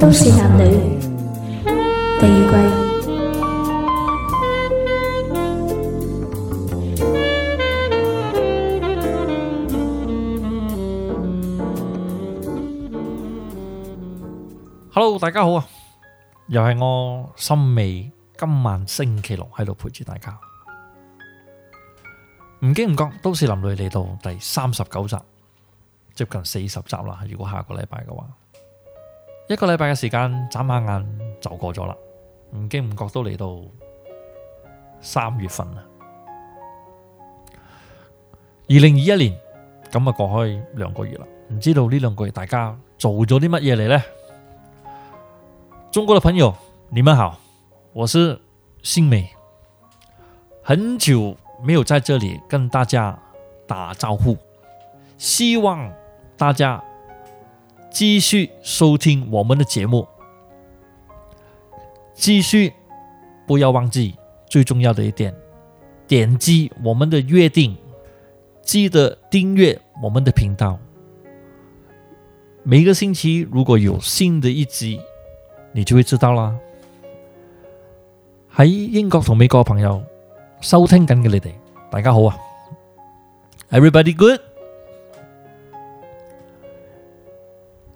都市男女第二季，Hello，大家好啊！又係我森美，今晚星期六喺度陪住大家。唔經唔覺，都市男女嚟到第三十九集，接近四十集啦。如果下個禮拜嘅話。一個禮拜嘅時間，眨下眼，眼就過咗啦，唔經唔覺都嚟到三月份啦。二零二一年咁啊，過去兩個月啦，唔知道呢兩個月大家做咗啲乜嘢嚟呢？中國嘅朋友，你們好，我是森美，很久沒有在這裏跟大家打招呼，希望大家。繼續收聽我們的節目，繼續，不要忘記最重要的一點，點擊我們的約定，記得訂閱我們的頻道。每個星期如果有新的一集，你就會知道啦。喺英國同美國嘅朋友收聽緊嘅你哋，大家好啊，everybody good。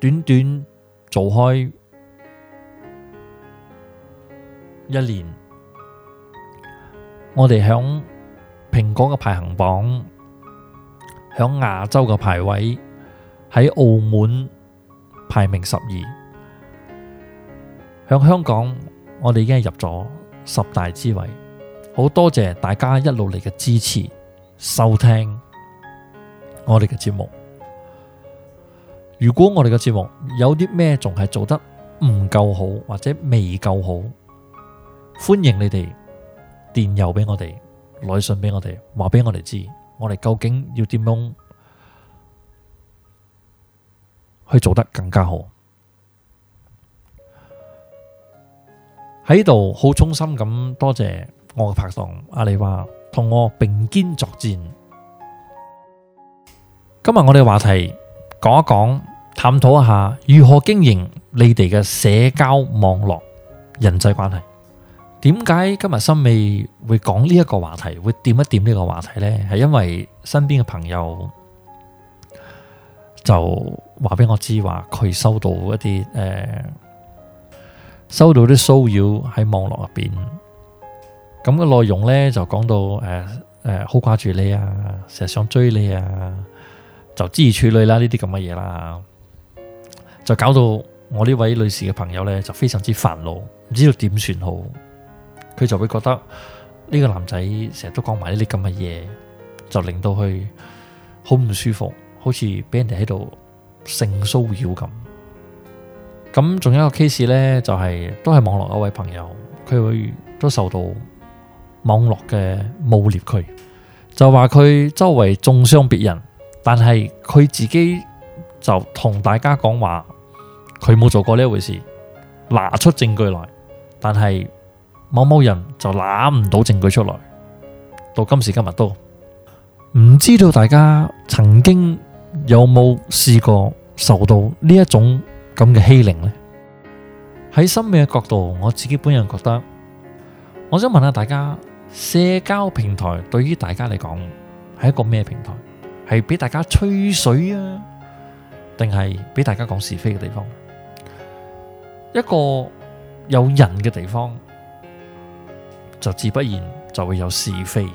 短短做開一年，我哋響蘋果嘅排行榜，響亞洲嘅排位喺澳門排名十二，響香港我哋已經係入咗十大之位，好多謝大家一路嚟嘅支持，收聽我哋嘅節目。如果我哋嘅節目有啲咩仲係做得唔夠好或者未夠好，歡迎你哋電郵俾我哋、來信俾我哋、話俾我哋知，我哋究竟要點樣去做得更加好？喺度好衷心咁多謝我嘅拍檔阿里娃同我並肩作戰。今日我哋嘅話題講一講。探討一下如何經營你哋嘅社交網絡人際關係。點解今日森美會講呢一個話題，會掂一掂呢個話題呢？係因為身邊嘅朋友就話俾我知，話佢收到一啲誒、呃，收到啲騷擾喺網絡入邊。咁嘅內容呢，就講到誒誒，好掛住你啊，成日想追你啊，就知處理啦呢啲咁嘅嘢啦。就搞到我呢位女士嘅朋友呢，就非常之煩惱，唔知道點算好。佢就會覺得呢、這個男仔成日都講埋呢啲咁嘅嘢，就令到佢好唔舒服，好似俾人哋喺度性騷擾咁。咁仲有一個 case 呢，就係、是、都係網絡一位朋友，佢會都受到網絡嘅誣衊，佢就話佢周圍中傷別人，但係佢自己就同大家講話，佢冇做過呢一回事，拿出證據來，但係某某人就攞唔到證據出來，到今時今日都唔知道大家曾經有冇試過受到呢一種咁嘅欺凌呢？喺心理嘅角度，我自己本人覺得，我想問下大家，社交平台對於大家嚟講係一個咩平台？係俾大家吹水啊，定係俾大家講是非嘅地方？一個有人嘅地方，就自不然就會有是非。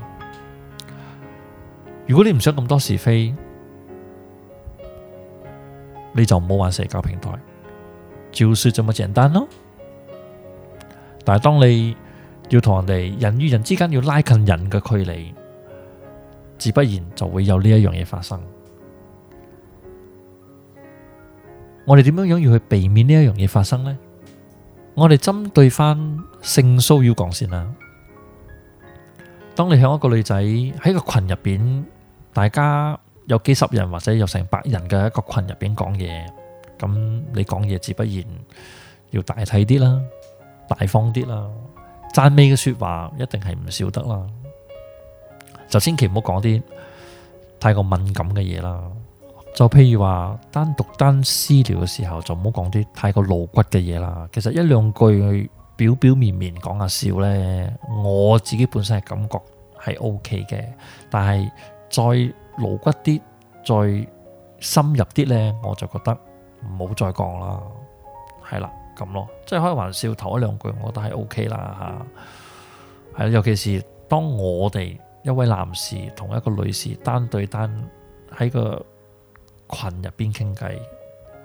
如果你唔想咁多是非，你就唔好玩社交平台。照說就咁簡單咯。但係當你要同人哋人與人之間要拉近人嘅距離，自不然就會有呢一樣嘢發生。我哋點樣樣要去避免呢一樣嘢發生呢？我哋針對翻性騷擾講先啦。當你向一個女仔喺個群入邊，大家有幾十人或者有成百人嘅一個群入邊講嘢，咁你講嘢自不然要大體啲啦，大方啲啦，讚美嘅說話一定係唔少得啦，就千祈唔好講啲太過敏感嘅嘢啦。就譬如話單獨單私聊嘅時候，就唔好講啲太過露骨嘅嘢啦。其實一兩句去表表面面講下笑呢，我自己本身係感覺係 OK 嘅。但係再露骨啲、再深入啲呢，我就覺得唔好再講啦。係啦，咁咯，即係開玩笑，頭一兩句我覺得係 OK 啦吓。係、啊，尤其是當我哋一位男士同一個女士單對單喺個群入邊傾偈，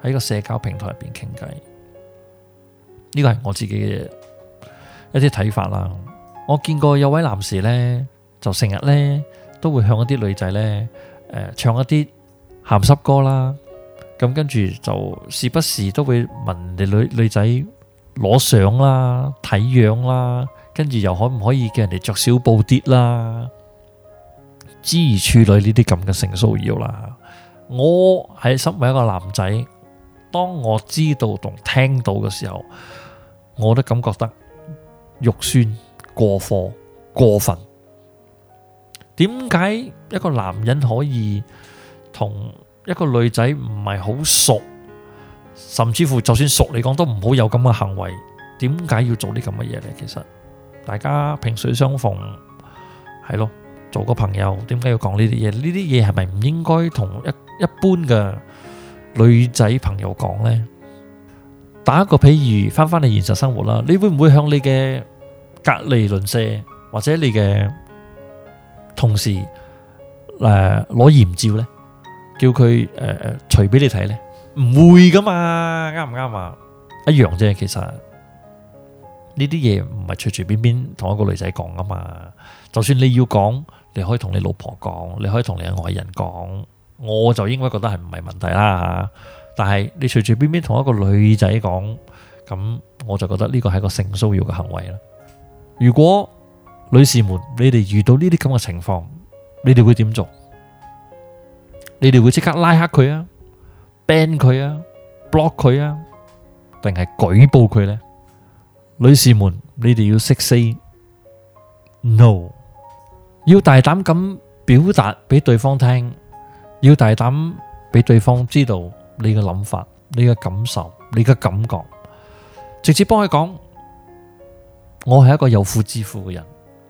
喺個社交平台入邊傾偈，呢個係我自己嘅一啲睇法啦。我見過有位男士呢，就成日呢都會向一啲女仔呢誒、呃、唱一啲鹹濕歌啦，咁、啊、跟住，就時不時都會問人哋女女仔攞相啦，、啊、睇樣啦、啊，跟住，又可唔可以叫人哋着小布啲啦，之處女呢啲咁嘅性騷擾啦、啊。我喺身為一個男仔，當我知道同聽到嘅時候，我都感覺得肉酸過火、過分。點解一個男人可以同一個女仔唔係好熟，甚至乎就算熟你講都唔好有咁嘅行為？點解要做啲咁嘅嘢呢？其實大家萍水相逢，係咯，做個朋友，點解要講呢啲嘢？呢啲嘢係咪唔應該同一？一般嘅女仔朋友講咧，打一個譬如翻翻你現實生活啦，你會唔會向你嘅隔籬鄰舍或者你嘅同事誒攞艷照咧，叫佢誒誒除俾你睇咧？唔會噶嘛，啱唔啱啊？嗯嗯、一樣啫，其實呢啲嘢唔係隨隨便便同一個女仔講啊嘛。就算你要講，你可以同你老婆講，你可以同你嘅外人講。我就應該覺得係唔係問題啦吓，但係你隨隨便便同一個女仔講咁，我就覺得呢個係個性騷擾嘅行為啦。如果女士們，你哋遇到呢啲咁嘅情況，你哋會點做？你哋會即刻拉黑佢啊，ban 佢啊，block 佢啊，定係舉報佢呢？女士們，你哋要識 say no，要大膽咁表達俾對方聽。要大膽俾對方知道你嘅諗法、你嘅感受、你嘅感覺，直接幫佢講。我係一個有婦之夫嘅人，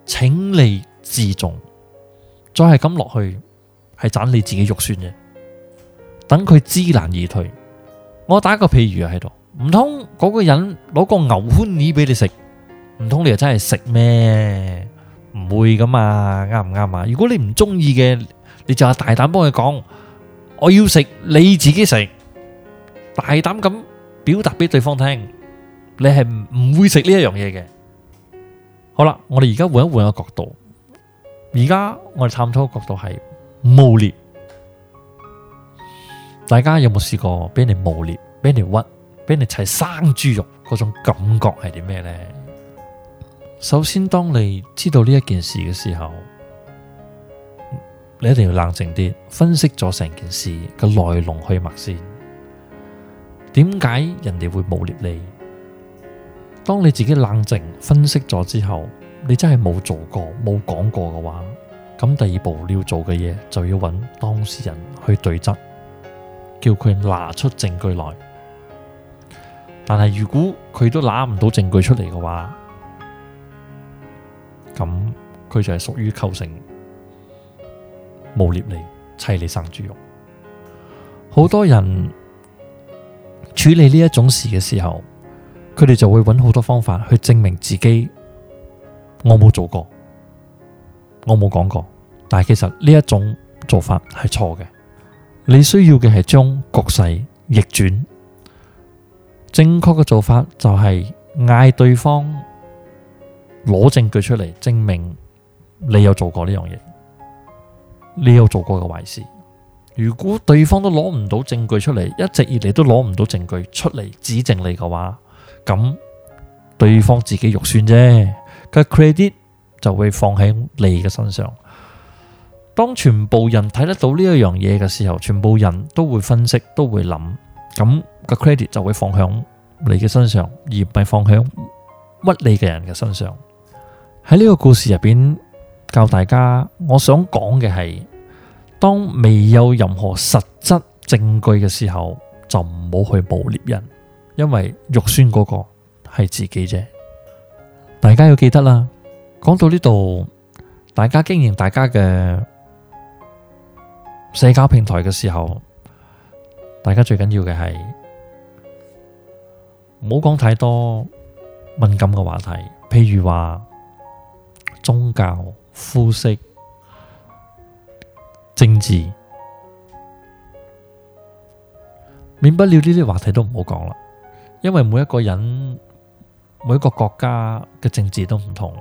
請你自重。再係咁落去，係盞你自己肉酸嘅。等佢知難而退。我打個譬如喺度，唔通嗰個人攞個牛歡喜俾你食？唔通你又真係食咩？唔會噶嘛？啱唔啱啊？如果你唔中意嘅。你就係大膽幫佢講，我要食，你自己食，大膽咁表達俾對方聽，你係唔會食呢一樣嘢嘅。好啦，我哋而家換一換個角度，而家我哋探討嘅角度係誣衊。大家有冇試過俾人哋誣衊，俾人哋屈，俾人哋砌生豬肉嗰種感覺係啲咩咧？首先，當你知道呢一件事嘅時候，你一定要冷靜啲，分析咗成件事嘅來龍去脈先。點解人哋會誣蔑你？當你自己冷靜分析咗之後，你真係冇做過、冇講過嘅話，咁第二步你要做嘅嘢就要揾當事人去對質，叫佢拿出證據來。但係如果佢都拿唔到證據出嚟嘅話，咁佢就係屬於構成。誣蔑你，砌你生豬肉。好多人處理呢一種事嘅時候，佢哋就會揾好多方法去證明自己，我冇做過，我冇講過。但係其實呢一種做法係錯嘅。你需要嘅係將局勢逆轉，正確嘅做法就係嗌對方攞證據出嚟證明你有做過呢樣嘢。你有做過嘅壞事，如果對方都攞唔到證據出嚟，一直以嚟都攞唔到證據出嚟指證你嘅話，咁對方自己肉酸啫，個 credit 就會放喺你嘅身上。當全部人睇得到呢一樣嘢嘅時候，全部人都會分析，都會諗，咁個 credit 就會放響你嘅身上，而唔係放響屈你嘅人嘅身上。喺呢個故事入邊，教大家，我想講嘅係，當未有任何實質證據嘅時候，就唔好去捕獵人，因為肉酸嗰個係自己啫。大家要記得啦。講到呢度，大家經營大家嘅社交平台嘅時候，大家最緊要嘅係唔好講太多敏感嘅話題，譬如話宗教。膚色、政治，免不了呢啲話題都唔好講啦。因為每一個人、每一個國家嘅政治都唔同，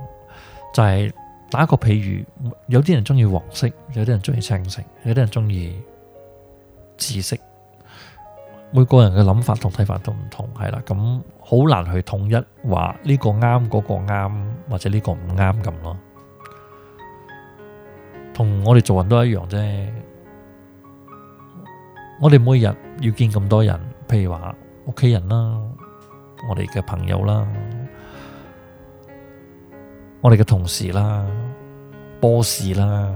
就係打一個譬如，有啲人中意黃色，有啲人中意青色，有啲人中意紫色。每個人嘅諗法同睇法都唔同，係啦，咁好難去統一話呢個啱，嗰個啱，或者呢個唔啱咁咯。同我哋做人都一樣啫，我哋每日要見咁多人，譬如話屋企人啦，我哋嘅朋友啦，我哋嘅同事啦，boss 啦。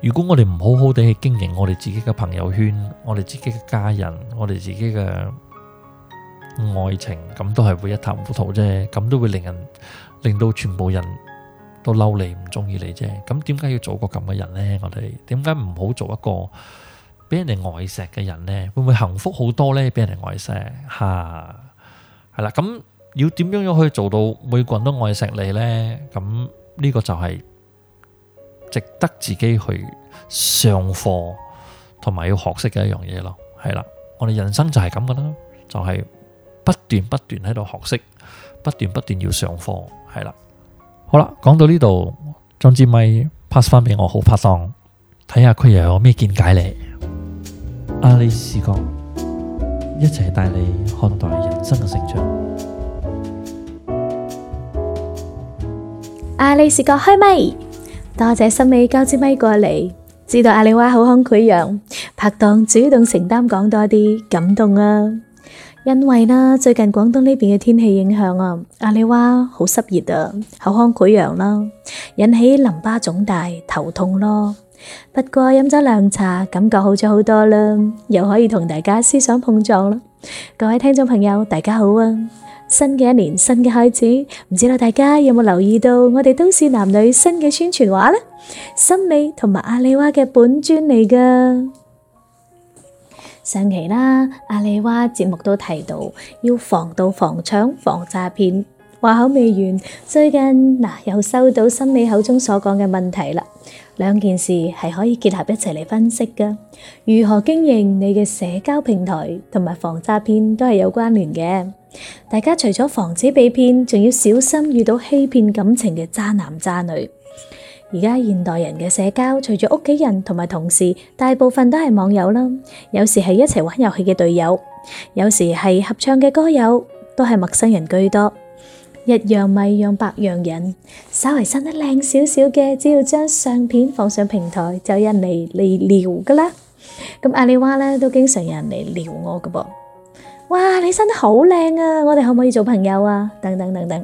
如果我哋唔好好地去經營我哋自己嘅朋友圈，我哋自己嘅家人，我哋自己嘅愛情，咁都係會一塌糊塗啫，咁都會令人令到全部人都嬲你唔中意你啫，咁點解要做個咁嘅人呢？我哋點解唔好做一個俾人哋愛錫嘅人呢？會唔會幸福好多呢？俾人哋愛錫吓，係啦。咁要點樣樣去做到每個人都愛錫你呢？咁呢個就係值得自己去上課同埋要學識嘅一樣嘢咯。係啦，我哋人生就係咁噶啦，就係不斷不斷喺度學識，不斷不斷要上課，係啦。好啦，講到呢度，將支咪 pass 翻畀我好拍檔，睇下佢又有咩見解咧。阿里是哥，一齊帶你看待人生嘅成長。阿里是哥開咪，多謝森美交支咪過嚟，知道阿里娃好慷慨樣，拍檔主動承擔講多啲感動啊！因為啦，最近廣東呢邊嘅天氣影響啊，阿里娃好濕熱啊，口腔潰瘍啦，引起淋巴腫大，頭痛咯。不過飲咗涼茶，感覺好咗好多啦，又可以同大家思想碰撞啦。各位聽眾朋友，大家好啊！新嘅一年，新嘅開始，唔知道大家有冇留意到我哋都市男女新嘅宣傳話呢？「森美同埋阿里娃嘅本尊」嚟㗎。上期啦，阿里娃節目都提到要防盜、防搶、防詐騙。話口未完，最近嗱、啊、又收到森美口中所講嘅問題啦。兩件事係可以結合一齊嚟分析噶。如何經營你嘅社交平台同埋防詐騙都係有關聯嘅。大家除咗防止被騙，仲要小心遇到欺騙感情嘅渣男渣女。而家現,現代人嘅社交，除咗屋企人同埋同事，大部分都係網友啦。有時係一齊玩遊戲嘅隊友，有時係合唱嘅歌友，都係陌生人居多。一樣米養百樣人，稍微生得靚少少嘅，只要將相片放上平台，就有人嚟嚟撩噶啦。咁阿里娃咧，都經常有人嚟撩我噶噃。哇，你生得好靚啊，我哋可唔可以做朋友啊？等等等等，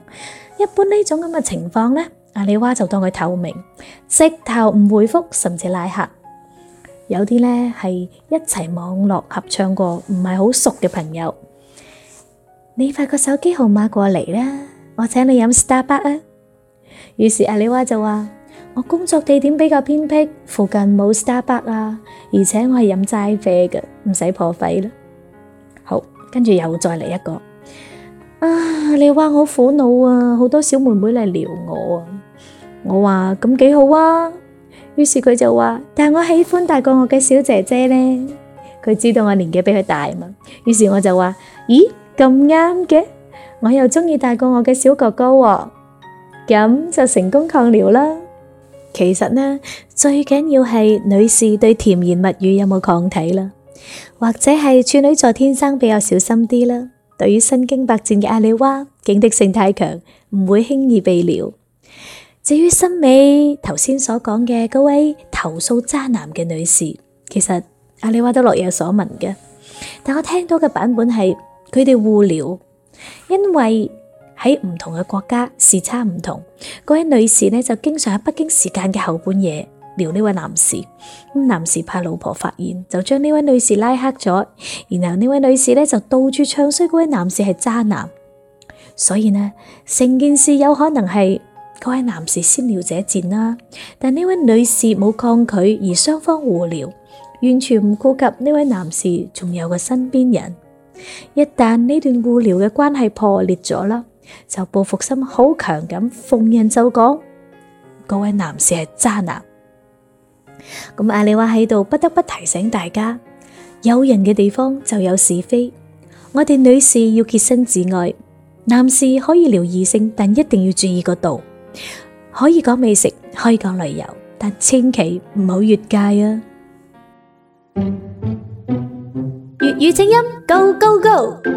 一般呢種咁嘅情況咧。.阿里娃就當佢透明，直頭唔回覆甚至拉黑。有啲咧係一齊網絡合唱過，唔係好熟嘅朋友，你發個手機號碼過嚟啦，我請你飲 Starbucks 啊。於是阿里娃就話：我工作地點比較偏僻，附近冇 Starbucks 啊，而且我係飲齋啡嘅，唔使破費啦。好，跟住又再嚟一個啊！阿里娃好苦惱啊，好多小妹妹嚟撩我啊。我話咁幾好啊，於是佢就話，但我喜歡大過我嘅小姐姐咧。佢知道我年紀比佢大嘛，於是我就話，咦，咁啱嘅，我又中意大過我嘅小哥哥咁、啊、就成功抗撩啦。其實呢最緊要係女士對甜言蜜語有冇抗體啦，或者係處女座天生比較小心啲啦。對於身經百戰嘅阿里娃，警惕性太強，唔會輕易被撩。至於森美頭先所講嘅嗰位投訴渣男嘅女士，其實阿里娃都略有所聞嘅。但我聽到嘅版本係佢哋互聊，因為喺唔同嘅國家時差唔同，嗰位女士呢就經常喺北京時間嘅後半夜撩呢位男士。咁男士怕老婆發現，就將呢位女士拉黑咗。然後呢位女士呢就到處唱衰嗰位男士係渣男，所以呢，成件事有可能係。各位男士先撩者賤啦，啊，但呢位女士冇抗拒，而雙方互聊，完全唔顧及呢位男士仲有個身邊人。一旦呢段互聊嘅關係破裂咗啦，就報復心好強咁，逢人就講各位男士係渣男。咁阿里娃喺度不得不提醒大家，有人嘅地方就有是非，我哋女士要潔身自愛，男士可以聊異性，但一定要注意個度。可以講美食，可以講旅遊，但千祈唔好越界啊！粵語正音，Go Go Go！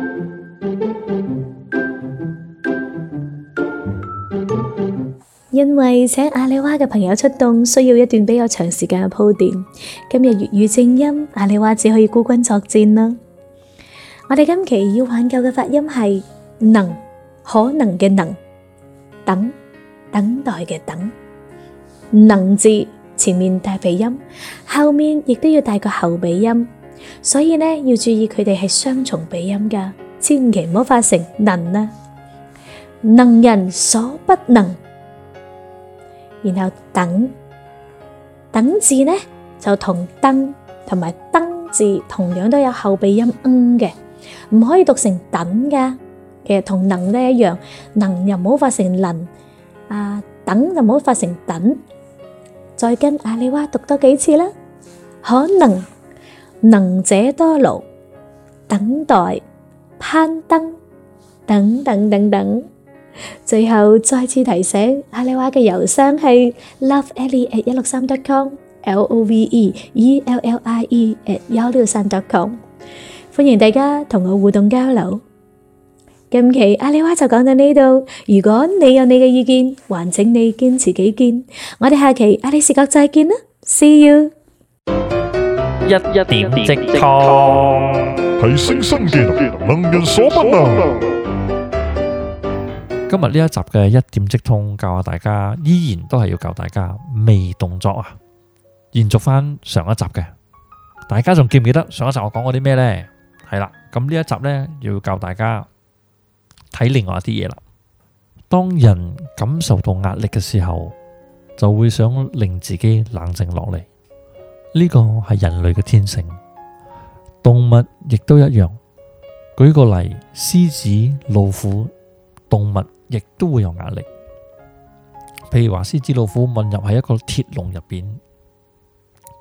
因為請阿里話嘅朋友出動，需要一段比較長時間嘅鋪墊。今日粵語正音，阿里話只可以孤軍作戰啦、啊。我哋今期要挽救嘅發音係能可能嘅能等。等待嘅等，能字前面帶鼻音，後面亦都要帶個後鼻音，所以咧要注意佢哋係雙重鼻音噶，千祈唔好發成能啊。能人所不能，然後等等字咧就同燈同埋燈字同樣都有後鼻音嗯嘅，唔可以讀成等噶，其實同能咧一樣，能又唔好發成能。啊，等就唔好發成等，再跟阿里娃讀多幾次啦。可能能者多勞，等待、攀登，等等等等。最後再次提醒阿里娃嘅郵箱係 loveellie@163.com，L-O-V-E-E-L-L-I-E@163.com，、e e、歡迎大家同我互動交流。近期阿里娃就講到呢度。如果你有你嘅意見，還請你堅持己見。我哋下期阿里視角再見啦，See you。一一點即通，提升新技能，能人所不能。今日呢一集嘅一點即通教下大家，依然都係要教大家微動作啊，延續翻上一集嘅。大家仲記唔記得上一集我講過啲咩呢？係啦，咁呢一集呢要教大家。喺另外一啲嘢啦。當人感受到壓力嘅時候，就會想令自己冷靜落嚟。呢個係人類嘅天性，動物亦都一樣。舉個例，獅子、老虎，動物亦都會有壓力。譬如話，獅子、老虎混入喺一個鐵籠入邊，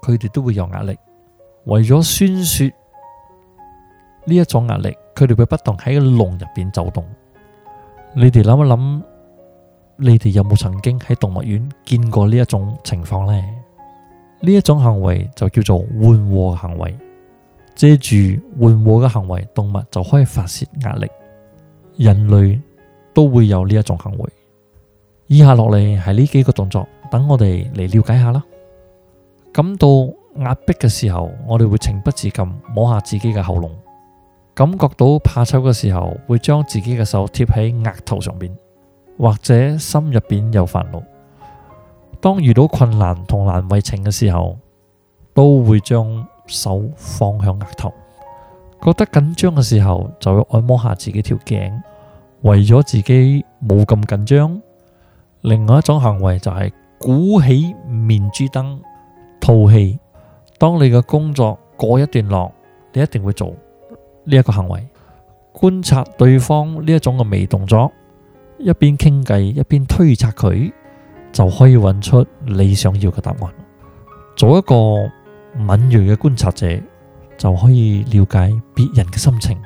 佢哋都會有壓力。為咗宣泄呢一種壓力，佢哋會不斷喺個籠入邊走動。你哋諗一諗，你哋有冇曾經喺動物園見過呢一種情況呢？呢一種行為就叫做緩和行為。借住緩和嘅行為，動物就可以發洩壓力。人類都會有呢一種行為。以下落嚟係呢幾個動作，等我哋嚟了解下啦。感到壓迫嘅時候，我哋會情不自禁摸下自己嘅喉嚨。感覺到怕醜嘅時候，會將自己嘅手貼喺額頭上邊，或者心入邊有煩惱。當遇到困難同難為情嘅時候，都會將手放向額頭。覺得緊張嘅時候，就要按摩下自己條頸，為咗自己冇咁緊張。另外一種行為就係鼓起面珠燈吐氣。當你嘅工作過一段落，你一定會做。呢一個行為，觀察對方呢一種嘅微動作，一邊傾偈一邊推測佢，就可以揾出你想要嘅答案。做一個敏銳嘅觀察者，就可以了解別人嘅心情。